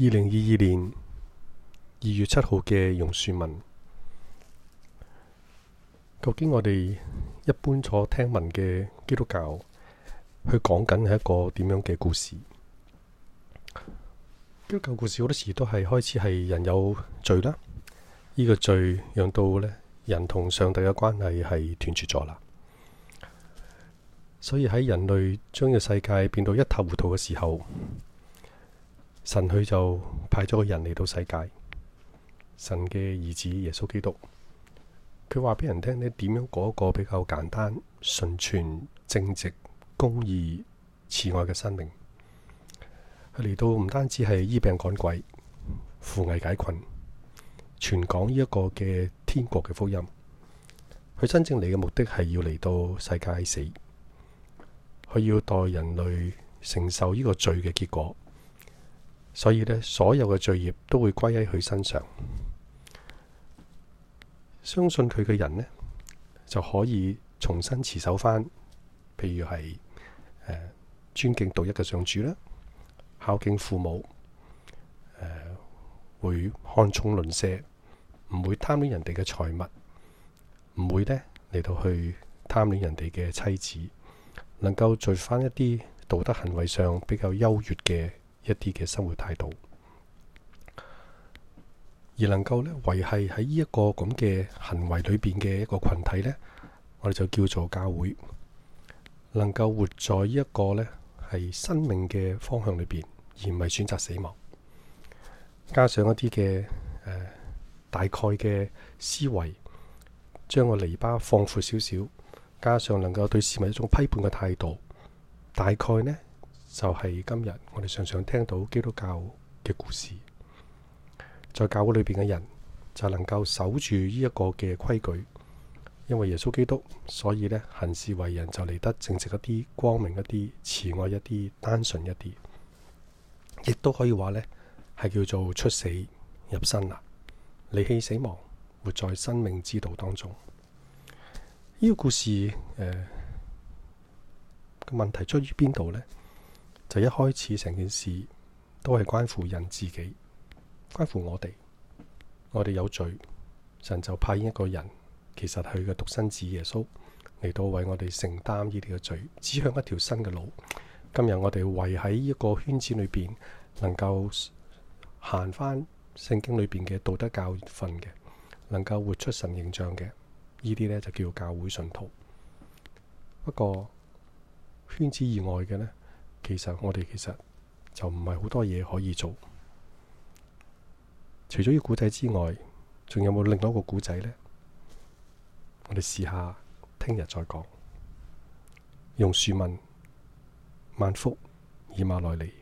二零二二年二月七號嘅榕樹文，究竟我哋一般所聽聞嘅基督教，佢講緊係一個點樣嘅故事？基督教故事好多時都係開始係人有罪啦，呢個罪讓到呢人同上帝嘅關係係斷絕咗啦。所以喺人類將個世界變到一塌糊塗嘅時候。神佢就派咗個人嚟到世界，神嘅兒子耶穌基督，佢話俾人聽，你點樣過一個比較簡單、純全、正直、公義、慈愛嘅生命。佢嚟到唔單止係醫病趕鬼、扶危解困，全講呢一個嘅天國嘅福音。佢真正嚟嘅目的係要嚟到世界死，佢要代人類承受呢個罪嘅結果。所以咧，所有嘅罪孽都會歸喺佢身上。相信佢嘅人呢，就可以重新持守翻，譬如係、呃、尊敬獨一嘅上主啦，孝敬父母，誒、呃、會看重鄰舍，唔會貪戀人哋嘅財物，唔會呢嚟到去貪戀人哋嘅妻子，能夠聚翻一啲道德行為上比較優越嘅。一啲嘅生活態度，而能夠呢維繫喺呢一個咁嘅行為裏邊嘅一個群體呢，我哋就叫做教會。能夠活在呢一個呢係生命嘅方向裏邊，而唔係選擇死亡。加上一啲嘅、呃、大概嘅思維，將個泥巴放闊少少，加上能夠對事物一種批判嘅態度，大概呢。就係今日，我哋常常聽到基督教嘅故事，在教會裏邊嘅人就能夠守住呢一個嘅規矩，因為耶穌基督，所以呢行事為人就嚟得正直一啲、光明一啲、慈愛一啲、單純一啲，亦都可以話呢係叫做出死入生啦，離棄死亡，活在生命之道當中。呢、這個故事誒嘅、呃、問題出於邊度呢？就一開始成件事都係關乎人自己，關乎我哋。我哋有罪，神就派一個人，其實佢嘅獨生子耶穌嚟到為我哋承擔呢啲嘅罪，指向一條新嘅路。今日我哋圍喺一個圈子裏邊，能夠行返聖經裏邊嘅道德教訓嘅，能夠活出神形象嘅，呢啲呢，就叫教會信徒。不過圈子以外嘅呢？其實我哋其實就唔係好多嘢，可以做，除咗呢個古仔之外，仲有冇另外一個古仔呢？我哋試下聽日再講。用樹問萬福以馬內利。